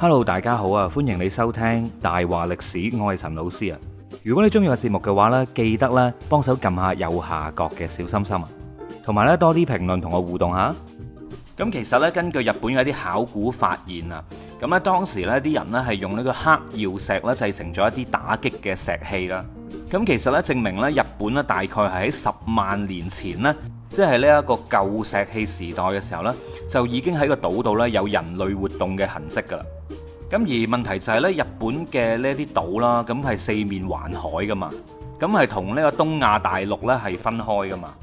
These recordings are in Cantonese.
Hello，大家好啊！歡迎你收聽大話歷史，我係陳老師啊。如果你中意個節目嘅話呢，記得呢幫手撳下右下角嘅小心心啊，同埋呢多啲評論同我互動下。咁其實呢，根據日本嘅啲考古發現啊，咁呢當時呢啲人呢係用呢個黑曜石呢製成咗一啲打擊嘅石器啦。咁其實呢，證明呢日本呢大概係喺十萬年前呢。即係呢一個舊石器時代嘅時候呢，就已經喺個島度呢有人類活動嘅痕跡噶啦。咁而問題就係呢，日本嘅呢啲島啦，咁係四面環海噶嘛，咁係同呢個東亞大陸呢係分開噶嘛。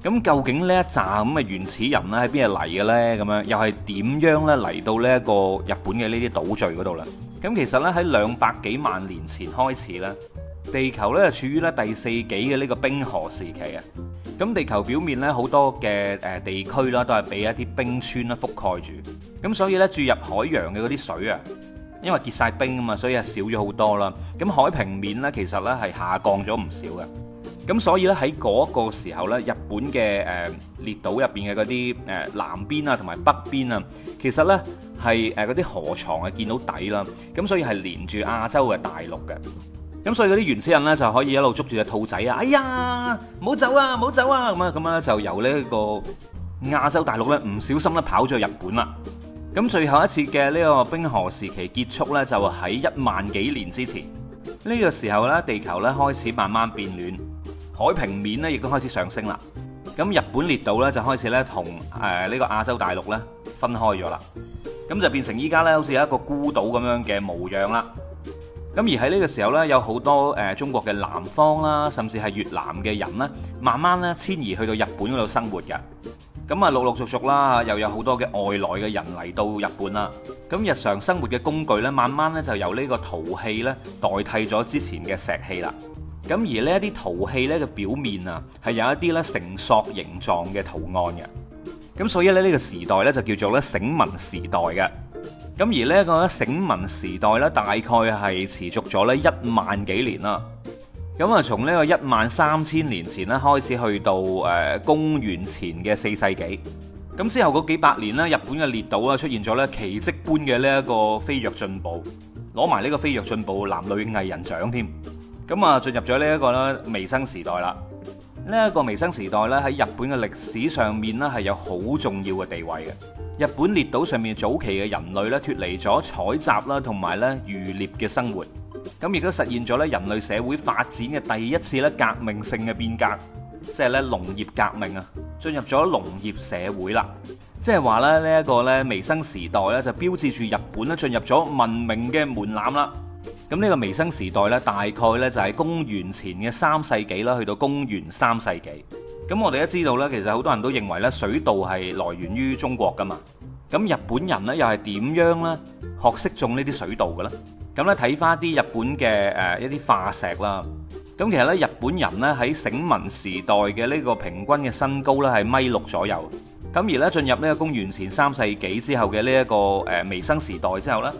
咁究竟呢一扎咁嘅原始人呢喺邊度嚟嘅呢？咁樣又係點樣呢？嚟到呢一個日本嘅呢啲島嶼嗰度啦？咁其實呢，喺兩百幾萬年前開始呢地球呢，就處於呢第四紀嘅呢個冰河時期啊。咁地球表面咧好多嘅誒地區啦，都係畀一啲冰川咧覆蓋住。咁所以呢，注入海洋嘅嗰啲水啊，因為結晒冰啊嘛，所以係少咗好多啦。咁海平面呢，其實呢係下降咗唔少嘅。咁所以呢，喺嗰個時候呢，日本嘅誒、呃、列島入邊嘅嗰啲誒南邊啊同埋北邊啊，其實呢係誒嗰啲河床係見到底啦。咁所以係連住亞洲嘅大陸嘅。咁所以嗰啲原始人呢，就可以一路捉住隻兔仔啊！哎呀，唔好走啊，唔好走啊！咁啊，咁啊，就由呢個亞洲大陸呢，唔小心咧跑咗去日本啦。咁最後一次嘅呢個冰河時期結束呢，就喺一萬幾年之前。呢個時候呢，地球呢開始慢慢變暖，海平面呢亦都開始上升啦。咁日本列島呢，就開始呢同誒呢個亞洲大陸呢分開咗啦。咁就變成依家呢，好似有一個孤島咁樣嘅模樣啦。咁而喺呢個時候呢，有好多中國嘅南方啦，甚至係越南嘅人呢，慢慢呢遷移去到日本嗰度生活嘅。咁啊，陸陸續續啦，又有好多嘅外來嘅人嚟到日本啦。咁日常生活嘅工具呢，慢慢呢就由呢個陶器呢代替咗之前嘅石器啦。咁而呢一啲陶器呢，嘅表面啊，係有一啲呢繩索形狀嘅圖案嘅。咁所以呢個時代呢，就叫做呢繩文時代嘅。咁而呢一個醒民時代咧，大概係持續咗呢一萬幾年啦。咁啊，從呢個一萬三千年前咧開始去到誒公元前嘅四世紀。咁之後嗰幾百年咧，日本嘅列島啊，出現咗呢奇蹟般嘅呢一個飛躍進步，攞埋呢個飛躍進步男女藝人獎添。咁啊，進入咗呢一個咧微生時代啦。呢一個微生時代咧，喺日本嘅歷史上面咧係有好重要嘅地位嘅。日本列島上面早期嘅人類咧脫離咗採集啦，同埋咧漁獵嘅生活，咁亦都實現咗咧人類社會發展嘅第一次咧革命性嘅變革，即係咧農業革命啊，進入咗農業社會啦。即係話咧呢一個咧微生時代咧就標誌住日本咧進入咗文明嘅門檻啦。咁呢個彌生時代咧、這個、大概咧就係公元前嘅三世紀啦，去到公元三世紀。咁我哋都知道咧，其實好多人都認為咧，水稻係來源於中國㗎嘛。咁日本人咧，又係點樣咧學識種呢啲水稻嘅咧？咁咧睇返一啲日本嘅誒一啲化石啦。咁其實咧，日本人咧喺繩文時代嘅呢個平均嘅身高咧係米六左右。咁而咧進入呢個公元前三世紀之後嘅呢一個誒彌生時代之後咧，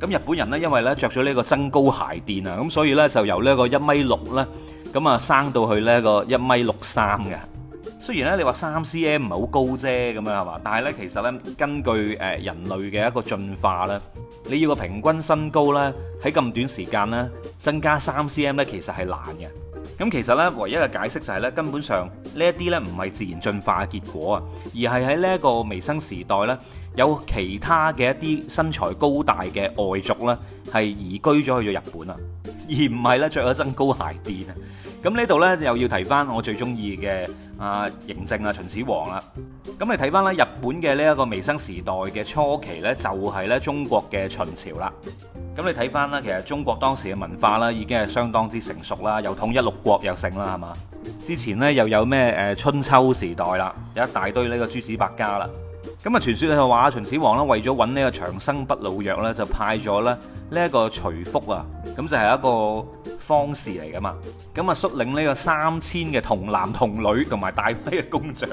咁日本人咧因為咧著咗呢個增高鞋墊啊，咁所以咧就由呢一個一米六咧。咁啊，生到去呢個一米六三嘅，雖然呢你話三 cm 唔係好高啫，咁樣係嘛？但係呢其實呢根據誒人類嘅一個進化呢你要個平均身高呢，喺咁短時間呢，增加三 cm 呢其實係難嘅。咁其實呢唯一嘅解釋就係、是、呢，根本上呢一啲呢唔係自然進化嘅結果啊，而係喺呢一個彌生時代呢。有其他嘅一啲身材高大嘅外族呢，係移居咗去咗日本啊，而唔係呢着咗增高鞋墊啊。咁呢度呢，又要提翻我最中意嘅阿嬴政啊，秦始皇啊。咁你睇翻呢日本嘅呢一個彌生時代嘅初期呢，就係呢中國嘅秦朝啦。咁你睇翻咧，其實中國當時嘅文化啦，已經係相當之成熟啦，又統一六國又成啦，係嘛？之前呢，又有咩誒春秋時代啦，有一大堆呢個諸子百家啦。咁啊！傳説係話秦始皇啦，為咗揾呢個長生不老藥咧，就派咗咧呢一個徐福啊，咁就係一個方士嚟噶嘛。咁啊，率領呢個三千嘅童男童女同埋大批嘅工匠。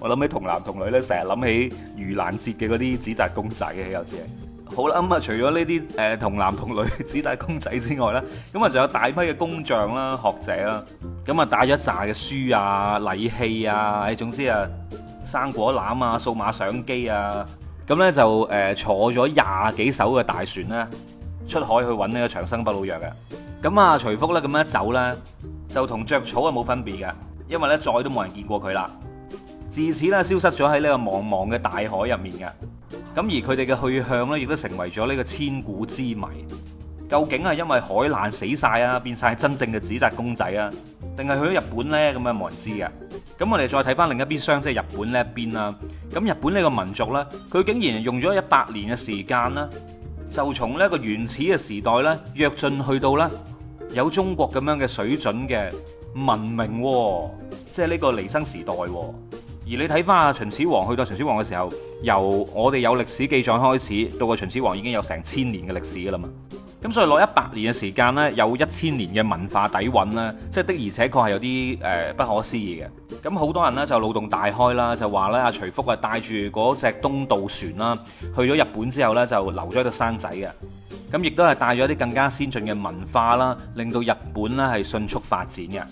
我諗起童男童女咧，成日諗起盂蘭節嘅嗰啲紙紮公仔嘅。有時。好啦，咁啊，除咗呢啲誒童男童女子紙紮公仔之外咧，咁啊，仲有大批嘅工匠啦、學者啦，咁啊，帶咗一紮嘅書啊、禮器啊，誒，總之啊～生果籃啊，數碼相機啊，咁呢就誒、呃、坐咗廿幾艘嘅大船咧，出海去揾呢個長生不老藥嘅。咁啊，徐福咧咁樣一走咧，就同著草啊冇分別嘅，因為呢，再都冇人見過佢啦。自此呢，消失咗喺呢個茫茫嘅大海入面嘅。咁而佢哋嘅去向呢，亦都成為咗呢個千古之謎。究竟係因為海難死晒啊，變曬真正嘅紙紮公仔啊，定係去咗日本呢？咁啊冇人知嘅。咁我哋再睇翻另一邊廂，即係日本呢一邊啦。咁日本呢個民族呢，佢竟然用咗一百年嘅時間啦，就從呢個原始嘅時代呢，躍進去到呢有中國咁樣嘅水準嘅文明，即係呢個離生時代。而你睇翻啊秦始皇，去到秦始皇嘅時候，由我哋有歷史記載開始，到個秦始皇已經有成千年嘅歷史㗎啦嘛。咁所以攞一百年嘅時間呢，有一千年嘅文化底蘊呢，即係的而且確係有啲誒不可思議嘅。咁好多人呢，就腦洞大開啦，就話呢，阿徐福啊帶住嗰隻東渡船啦，去咗日本之後呢，就留咗一個生仔嘅。咁亦都係帶咗啲更加先進嘅文化啦，令到日本呢，係迅速發展嘅。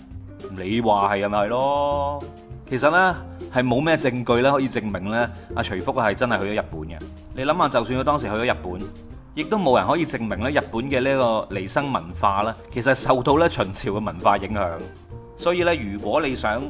你話係咪咯？其實呢，係冇咩證據呢，可以證明呢，阿徐福啊係真係去咗日本嘅。你諗下，就算佢當時去咗日本。亦都冇人可以證明咧，日本嘅呢個彌生文化呢，其實受到呢，秦朝嘅文化影響。所以呢，如果你想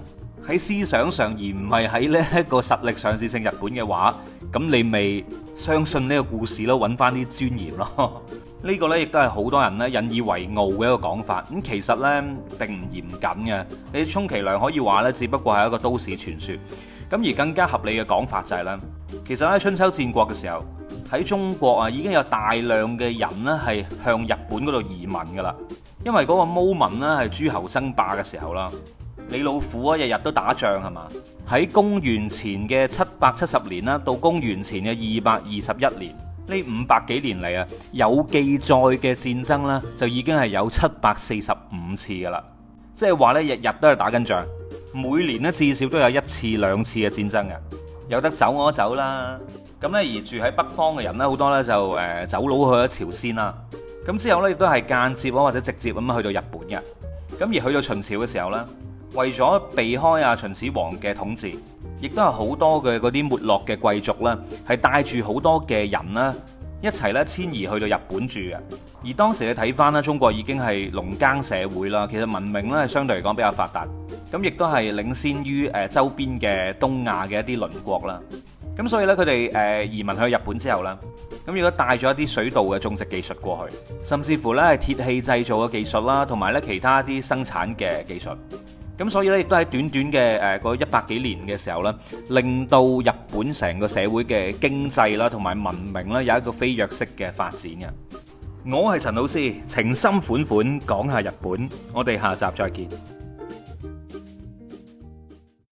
喺思想上而唔係喺呢一個實力上戰勝日本嘅話，咁你咪相信呢個故事咯，揾翻啲尊嚴咯。呢個呢，亦都係好多人呢引以為傲嘅一個講法。咁其實呢，並唔嚴謹嘅，你充其量可以話呢，只不過係一個都市傳說。咁而更加合理嘅講法就係、是、呢，其實喺春秋戰國嘅時候。喺中國啊，已經有大量嘅人咧係向日本嗰度移民噶啦，因為嗰個毛民咧係諸侯爭霸嘅時候啦。李老虎啊，日日都打仗係嘛？喺公元前嘅七百七十年啦，到公元前嘅二百二十一年，呢五百幾年嚟啊，有記載嘅戰爭呢就已經係有七百四十五次噶啦，即係話呢日日都係打緊仗，每年呢至少都有一次兩次嘅戰爭嘅，有得走我都走啦。咁咧，而住喺北方嘅人咧，好多咧就誒走佬去咗朝鮮啦。咁之後咧，亦都係間接或者直接咁去到日本嘅。咁而去到秦朝嘅時候咧，為咗避開啊秦始皇嘅統治，亦都有好多嘅嗰啲沒落嘅貴族啦，係帶住好多嘅人啦，一齊咧遷移去到日本住嘅。而當時你睇翻咧，中國已經係農耕社會啦，其實文明咧係相對嚟講比較發達，咁亦都係領先於誒周邊嘅東亞嘅一啲鄰國啦。咁所以呢，佢哋誒移民去日本之後啦，咁如果帶咗一啲水稻嘅種植技術過去，甚至乎呢，係鐵器製造嘅技術啦，同埋呢其他啲生產嘅技術。咁所以呢，亦都喺短短嘅誒個一百幾年嘅時候呢，令到日本成個社會嘅經濟啦，同埋文明呢，有一個飛躍式嘅發展嘅。我係陳老師，情深款款講下日本，我哋下集再見。